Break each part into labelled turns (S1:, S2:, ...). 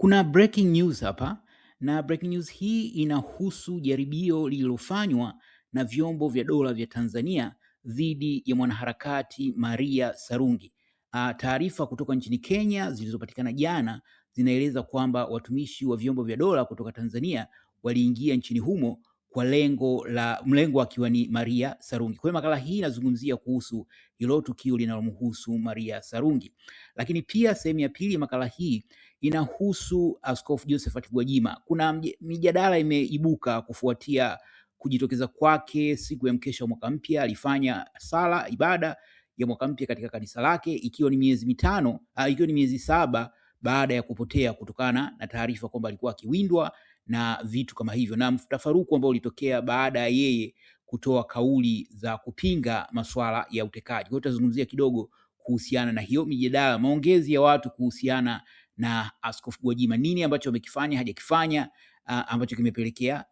S1: Kuna breaking news hapa na breaking news hii inahusu jaribio lililofanywa na vyombo vya dola vya Tanzania dhidi ya mwanaharakati Maria Sarungi. Ah, taarifa kutoka nchini Kenya zilizopatikana jana zinaeleza kwamba watumishi wa vyombo vya dola kutoka Tanzania waliingia nchini humo kwa lengo la mlengo akiwa ni Maria Sarungi. Kwa hiyo makala hii inazungumzia kuhusu hilo tukio linalomhusu Maria Sarungi, lakini pia sehemu ya pili ya makala hii inahusu Askofu Josephat Gwajima. Kuna mijadala imeibuka kufuatia kujitokeza kwake siku ya mkesha wa mwaka mpya. Alifanya sala ibada ya mwaka mpya katika kanisa lake ikiwa ni miezi mitano uh, ikiwa ni miezi saba baada ya kupotea kutokana na taarifa kwamba alikuwa akiwindwa na vitu kama hivyo, na mtafaruku ambao ulitokea baada ya yeye kutoa kauli za kupinga masuala ya utekaji. Kwa hiyo tutazungumzia kidogo kuhusiana na hiyo mijadala, maongezi ya watu kuhusiana na Askofu Gwajima, nini ambacho amekifanya hajakifanya, uh, ambacho kimepelekea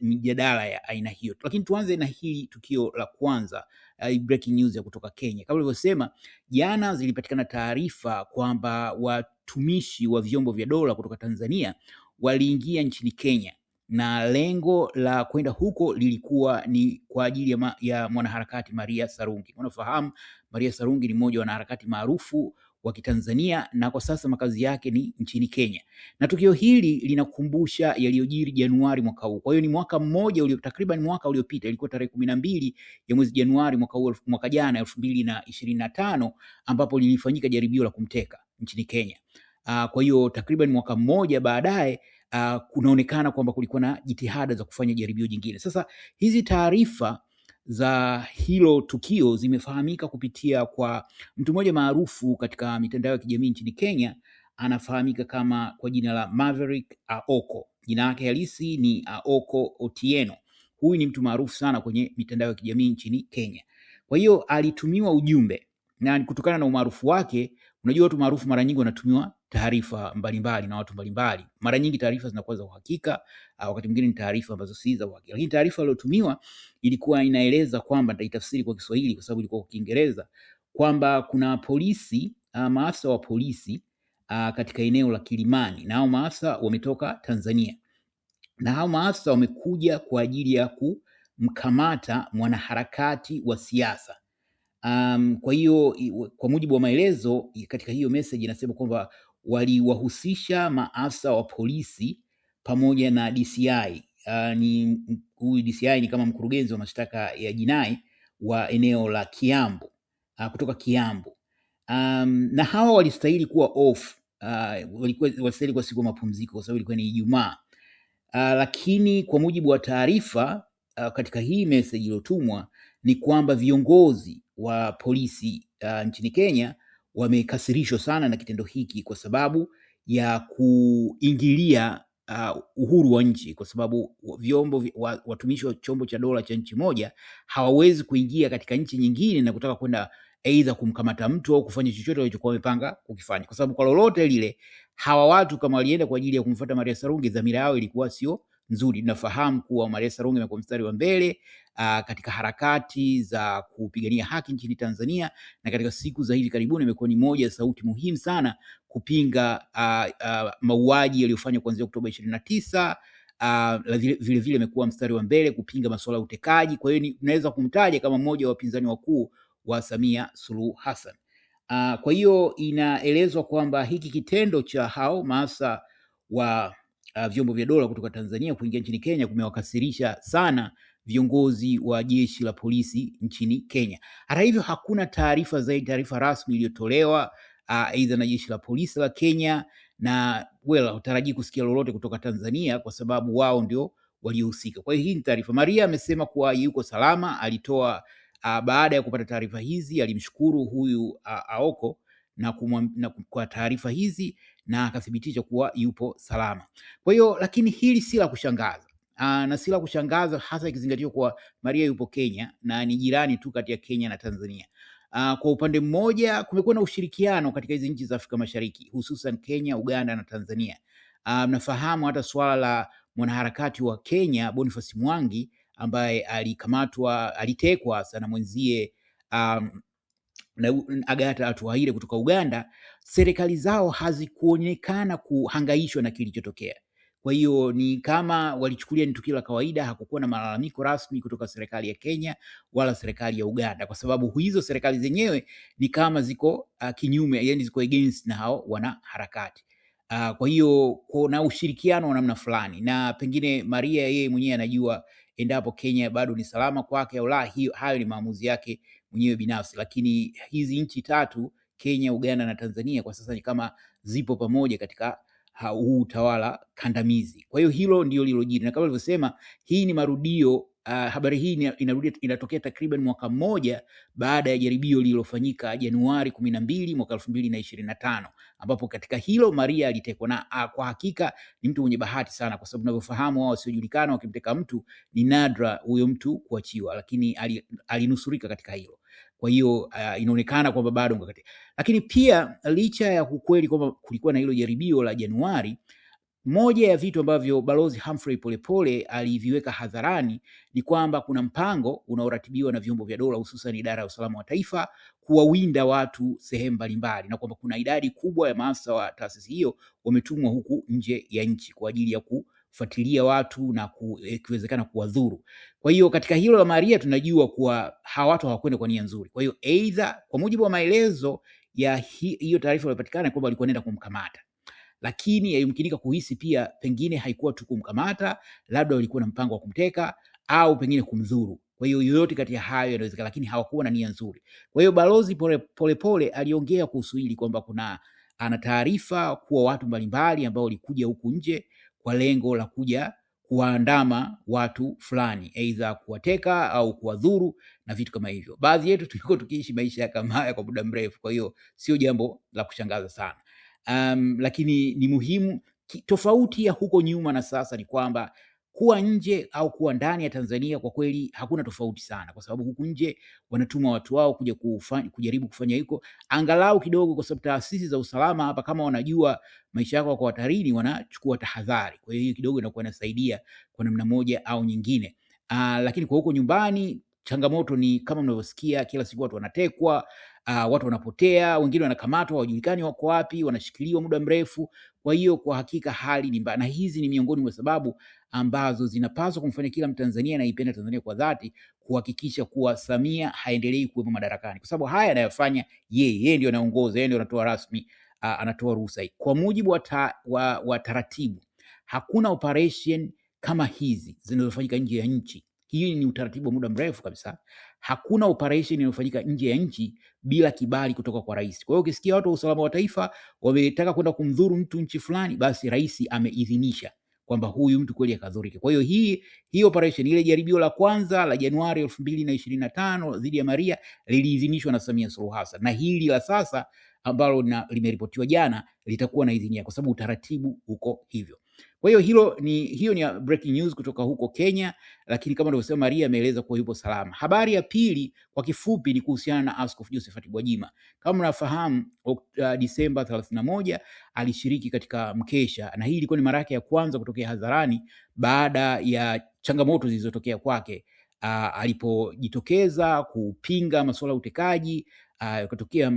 S1: mijadala ya aina hiyo. Lakini tuanze na hili tukio la kwanza, uh, breaking news ya kutoka Kenya. Kama ulivyosema jana, zilipatikana taarifa kwamba watumishi wa vyombo vya dola kutoka Tanzania waliingia nchini Kenya na lengo la kwenda huko lilikuwa ni kwa ajili ya, ma, ya mwanaharakati Maria Sarungi. Unafahamu Maria Sarungi ni mmoja wa wanaharakati maarufu wa Kitanzania na kwa sasa makazi yake ni nchini Kenya. Na tukio hili linakumbusha yaliyojiri Januari mwaka huu. Kwa hiyo ni mwaka mmoja ulio takriban mwaka uliopita, ilikuwa tarehe kumi na mbili ya mwezi Januari mwaka huu, mwaka jana elfu mbili na ishirini na tano ambapo lilifanyika jaribio la kumteka nchini Kenya. Uh, kwa hiyo takriban mwaka mmoja baadaye uh, kunaonekana kwamba kulikuwa na jitihada za kufanya jaribio jingine. Sasa hizi taarifa za hilo tukio zimefahamika kupitia kwa mtu mmoja maarufu katika mitandao ya kijamii nchini Kenya, anafahamika kama kwa jina la Maverick Aoko. Jina lake halisi ni Aoko Otieno. Huyu ni mtu maarufu sana kwenye mitandao ya kijamii nchini Kenya. Kwa hiyo alitumiwa ujumbe na kutokana na umaarufu wake, unajua watu maarufu mara nyingi wanatumiwa taarifa mbalimbali na watu mbalimbali. Mara nyingi taarifa zinakuwa za uhakika, ah, wakati mwingine ni taarifa ambazo si za uhakika, lakini taarifa iliyotumiwa ilikuwa inaeleza kwamba, nitaitafsiri kwa Kiswahili kwa sababu ilikuwa kwa Kiingereza, kwamba kuna polisi, ah, maafisa wa polisi ah, katika eneo la Kilimani na hao maafisa wametoka Tanzania na hao maafisa wamekuja kwa ajili ya kumkamata mwanaharakati wa siasa. Um, kwa hiyo kwa mujibu wa maelezo katika hiyo message inasema kwamba waliwahusisha maafisa wa polisi pamoja na DCI. Uh, ah, ni huyu DCI ni kama mkurugenzi wa mashtaka ya jinai wa eneo la Kiambu uh, kutoka Kiambu um, na hawa walistahili kuwa off uh, walikuwa walistahili kuwa siku ya mapumziko kwa sababu ilikuwa ni Ijumaa uh, lakini kwa mujibu wa taarifa uh, katika hii message iliyotumwa ni kwamba viongozi wa polisi uh, nchini Kenya wamekasirishwa sana na kitendo hiki kwa sababu ya kuingilia uh, uhuru wa nchi, kwa sababu vyombo watumishi wa chombo cha dola cha nchi moja hawawezi kuingia katika nchi nyingine na kutaka kwenda aidha kumkamata mtu au kufanya chochote walichokuwa wamepanga kukifanya, kwa sababu kwa lolote lile hawa watu kama walienda kwa ajili ya kumfuata Maria Sarungi, dhamira yao ilikuwa sio nzuri. Tunafahamu kuwa Maria Sarungi amekuwa mstari wa mbele uh, katika harakati za kupigania haki nchini Tanzania na katika siku za hivi karibuni amekuwa ni moja ya sauti muhimu sana kupinga uh, uh, mauaji yaliyofanywa kuanzia Oktoba ishirini na tisa. Uh, vile vile amekuwa mstari wa mbele kupinga masuala ya utekaji. Kwa hiyo unaweza kumtaja kama mmoja wa wapinzani wakuu wa Samia Suluhu Hassan. Uh, kwa hiyo inaelezwa kwamba hiki kitendo cha hao maafisa wa uh, vyombo vya dola kutoka Tanzania kuingia nchini Kenya kumewakasirisha sana viongozi wa jeshi la polisi nchini Kenya. Hata hivyo, hakuna taarifa zaidi, taarifa rasmi iliyotolewa uh, aidha uh, na jeshi la polisi la Kenya na well, hutarajii kusikia lolote kutoka Tanzania kwa sababu wao ndio waliohusika. Kwa hiyo hii ni taarifa. Maria amesema kuwa yuko salama, alitoa uh, baada ya kupata taarifa hizi alimshukuru huyu uh, Aoko na, kumwa, na kwa taarifa hizi na akathibitisha kuwa yupo salama. Kwa hiyo, lakini hili si la kushangaza ah, na si la kushangaza hasa ikizingatiwa kuwa Maria yupo Kenya na ni jirani tu kati ya Kenya na Tanzania. Aa, ah, kwa upande mmoja kumekuwa na ushirikiano katika hizi nchi za Afrika Mashariki hususan Kenya, Uganda na Tanzania. Ah, mnafahamu hata suala la mwanaharakati wa Kenya Boniface Mwangi ambaye alikamatwa, alitekwa sana mwenzie um, na Agatha Atuhaire kutoka Uganda, serikali zao hazikuonekana kuhangaishwa na kilichotokea. Kwa hiyo ni kama walichukulia ni tukio la kawaida. Hakukuwa na malalamiko rasmi kutoka serikali ya Kenya wala serikali ya Uganda, kwa sababu hizo serikali zenyewe ni kama ziko uh, kinyume, yani ziko against na hao harakati uh, ah, kwa hiyo kuna ushirikiano wa namna fulani, na pengine Maria yeye mwenyewe anajua endapo Kenya bado ni salama kwake au la. Hiyo hayo ni maamuzi yake mwenyewe binafsi, lakini hizi nchi tatu Kenya, Uganda na Tanzania kwa sasa ni kama zipo pamoja katika huu utawala kandamizi. Kwa hiyo hilo ndio lilojiri, na kama nilivyosema, hii ni marudio Uh, habari hii inarudi inatokea takriban mwaka mmoja baada ya jaribio lililofanyika Januari kumi na mbili mwaka elfu mbili na ishirini na tano ambapo katika hilo Maria alitekwa na uh, kwa hakika ni mtu mwenye bahati sana, kwa sababu unavyofahamu wao wasiojulikana wakimteka mtu ni nadra huyo mtu kuachiwa, lakini alinusurika katika hilo. Kwa hiyo uh, inaonekana kwamba bado, lakini pia licha ya ukweli kwamba kulikuwa na hilo jaribio la Januari moja ya vitu ambavyo Balozi Humphrey Polepole aliviweka hadharani ni kwamba kuna mpango unaoratibiwa na vyombo vya dola hususan idara ya usalama wa taifa kuwawinda watu sehemu mbalimbali, na kwamba kuna idadi kubwa ya maafisa wa taasisi hiyo wametumwa huku nje ya nchi kwa ajili ya kufuatilia watu na eh, ikiwezekana kuwadhuru. Kwa hiyo katika hilo la Maria tunajua kuwa hawa watu hawakwenda kwa nia nzuri. Kwa hiyo aidha, kwa mujibu wa maelezo ya hiyo taarifa iliyopatikana kwamba walikuwa nenda kumkamata lakini yayumkinika kuhisi pia pengine haikuwa tu kumkamata, labda walikuwa na mpango wa kumteka au pengine kumdhuru. Kwa hiyo yoyote kati ya hayo yanawezekana, lakini hawakuwa na nia nzuri. Kwa hiyo balozi Polepole pole aliongea kuhusu hili kwamba kuna ana taarifa kuwa watu mbalimbali ambao walikuja huku nje kwa lengo la kuja kuwaandama watu fulani, aidha kuwateka au kuwadhuru na vitu kama hivyo. Baadhi yetu tulikuwa tukiishi maisha kama haya kwa muda mrefu, kwa hiyo sio jambo la kushangaza sana um, lakini ni muhimu. Tofauti ya huko nyuma na sasa ni kwamba kuwa nje au kuwa ndani ya Tanzania kwa kweli hakuna tofauti sana, kwa sababu huku nje wanatuma watu wao kuja kufanya, kujaribu kufanya hiko angalau kidogo, kwa sababu taasisi za usalama hapa kama wanajua maisha yako kwa hatarini, wanachukua tahadhari. Kwa hiyo hiyo kidogo inakuwa inasaidia kwa namna moja au nyingine. Aa, lakini kwa huko nyumbani changamoto ni kama mnavyosikia kila siku watu wanatekwa, uh, watu wanapotea, wengine wanakamatwa, hawajulikani wako wapi, wanashikiliwa muda mrefu. Kwa hiyo kwa hakika hali ni mbaya, na hizi ni miongoni mwa sababu ambazo zinapaswa kumfanya kila Mtanzania anaipenda Tanzania kwa dhati kuhakikisha kuwa Samia haendelei kuwepo madarakani, kwa sababu haya anayofanya yeye, yeye ndio anaongoza, yeye ndio anatoa rasmi, uh, anatoa ruhusa hii kwa mujibu wa, ta, wa, wa taratibu. Hakuna operation kama hizi zinazofanyika nje ya nchi. Hii ni utaratibu wa muda mrefu kabisa hakuna operation inayofanyika nje ya nchi bila kibali kutoka kwa rais. Kwa hiyo ukisikia watu wa usalama wa taifa wametaka kwenda kumdhuru mtu nchi fulani, basi rais ameidhinisha kwamba huyu mtu kweli akadhurike. Kwa hiyo hii hii operation ile jaribio la kwanza la Januari elfu mbili na ishirini na tano dhidi ya Maria liliidhinishwa na Samia Suluhu Hassan, na hili la sasa ambalo limeripotiwa jana litakuwa na idhini kwa sababu utaratibu uko hivyo. Kwa hiyo hilo ni hiyo ni breaking news kutoka huko Kenya, lakini kama alivyosema Maria ameeleza kuwa yupo salama. Habari ya pili kwa kifupi ni kuhusiana na Askofu Josephat Gwajima. Kama mnafahamu, uh, Disemba 31 alishiriki katika mkesha, na hii ilikuwa ni mara yake ya kwanza kutokea hadharani baada ya changamoto zilizotokea kwake. Uh, alipojitokeza kupinga masuala ya utekaji, uh, kutokea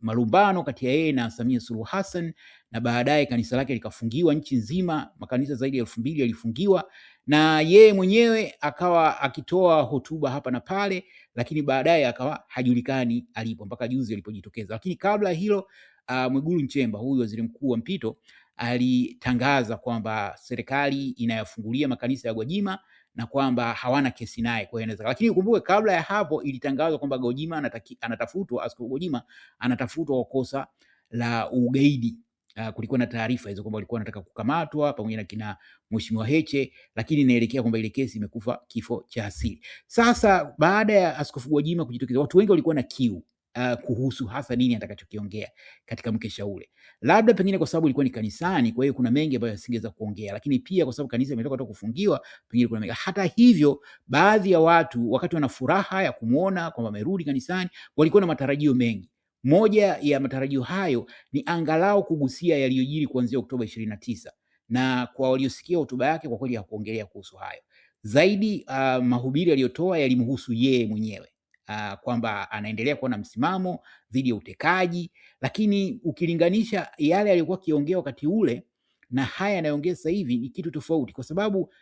S1: malumbano kati ya yeye na Samia Suluhu Hassan na baadaye kanisa lake likafungiwa nchi nzima, makanisa zaidi ya elfu mbili yalifungiwa, na yeye mwenyewe akawa akitoa hotuba hapa na pale, lakini baadaye akawa hajulikani alipo mpaka juzi alipojitokeza. Lakini kabla hilo uh, Mwigulu Nchemba huyu waziri mkuu wa mpito alitangaza kwamba serikali inayafungulia makanisa ya Gwajima na kwamba hawana kesi naye, kwa hiyo inaweza. Lakini ukumbuke kabla ya hapo ilitangazwa kwamba Gojima anatafutwa Askofu Gojima anatafutwa kwa kosa la ugaidi. Uh, kulikuwa na taarifa hizo kwamba walikuwa wanataka kukamatwa pamoja na kina Mheshimiwa Heche, lakini inaelekea kwamba ile kesi imekufa kifo cha asili. Sasa baada ya Askofu Gwajima kujitokeza, watu wengi walikuwa na kiu uh, kuhusu hasa nini atakachokiongea katika mkesha ule. Labda pengine kwa sababu ilikuwa ni kanisani, kwa hiyo kuna mengi ambayo asingeweza kuongea, lakini pia kwa sababu kanisa imetoka toka kufungiwa, pengine kuna mengi. Hata hivyo, baadhi ya watu wakati wana furaha ya kumwona kwamba amerudi kanisani, walikuwa na matarajio mengi. Moja ya matarajio hayo ni angalau kugusia yaliyojiri kuanzia Oktoba ishirini na tisa na kwa waliosikia hotuba yake, kwa kweli hakuongelea kuhusu hayo zaidi. Uh, mahubiri aliyotoa yalimhusu yeye mwenyewe uh, kwamba anaendelea kuwa na msimamo dhidi ya utekaji, lakini ukilinganisha yale aliyokuwa akiongea wakati ule na haya yanayoongea sasa hivi ni kitu tofauti, kwa sababu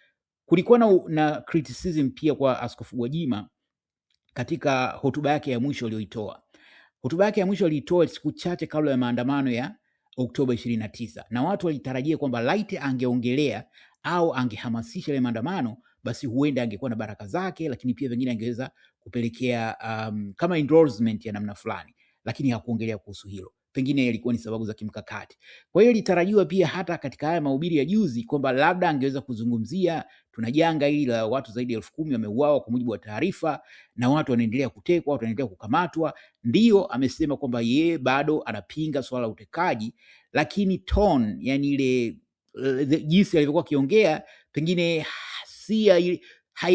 S1: kulikuwa na, na criticism pia kwa Askofu Gwajima katika hotuba yake ya mwisho aliyoitoa. Hotuba yake ya mwisho aliitoa siku chache kabla ya maandamano ya Oktoba 29 na watu walitarajia kwamba laiti angeongelea au angehamasisha ile maandamano basi huenda angekuwa na baraka zake, lakini pia pengine angeweza kupelekea um, kama endorsement ya namna fulani, lakini hakuongelea kuhusu hilo. Pengine ilikuwa ni sababu za kimkakati. Kwa hiyo ilitarajiwa pia hata katika haya mahubiri ya juzi kwamba labda angeweza kuzungumzia tuna janga hili la watu zaidi ya elfu kumi wameuawa kwa mujibu wa taarifa, na watu wanaendelea kutekwa, watu wanaendelea kukamatwa. ndio amesema kwamba yeye bado anapinga swala la utekaji, lakini tone, yani ile eh, jinsi alivyokuwa akiongea pengine si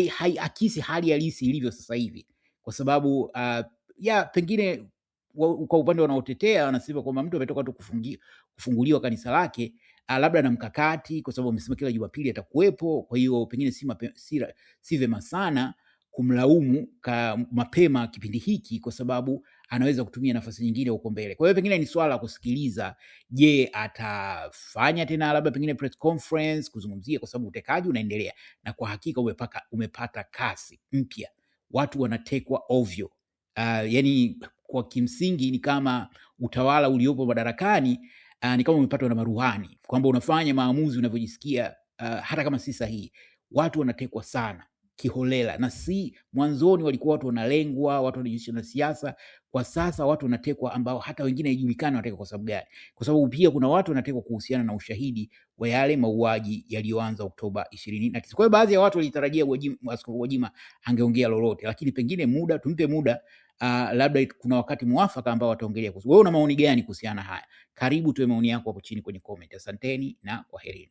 S1: haiakisi hai, hali halisi ilivyo sasa hivi, kwa sababu uh, ya pengine kwa upande wanaotetea wanasema kwamba mtu ametoka tu kufunguliwa kanisa lake ah, labda na mkakati, kwa sababu amesema kila Jumapili atakuwepo. Kwa hiyo pengine si, si, si vema sana kumlaumu ka mapema kipindi hiki kwa sababu anaweza kutumia nafasi nyingine huko mbele. Kwa hiyo pengine ni swala la kusikiliza, je, atafanya tena labda pengine press conference kuzungumzia, kwa sababu utekaji unaendelea na kwa hakika umepaka, umepata kasi mpya, watu wanatekwa ovyo. Uh, yani kwa kimsingi ni kama utawala uliopo madarakani uh, ni kama umepatwa na maruhani kwamba unafanya maamuzi unavyojisikia, uh, hata kama si sahihi. Watu wanatekwa sana kiholela, na si mwanzoni walikuwa watu wanalengwa, watu wanajihusisha na siasa. Kwa sasa watu wanatekwa ambao hata wengine haijulikani wanatekwa kwa sababu gani, kwa sababu pia kuna watu wanatekwa kuhusiana na ushahidi wa yale mauaji yaliyoanza Oktoba ishirini na tisa. Kwa hiyo baadhi ya watu walitarajia Askofu Gwajima angeongea lolote, lakini pengine muda, tumpe muda Uh, labda kuna wakati mwafaka ambao wataongelea Wewe una maoni gani kuhusiana haya? Karibu tuwe maoni yako hapo chini kwenye comment. Asanteni na kwaherini.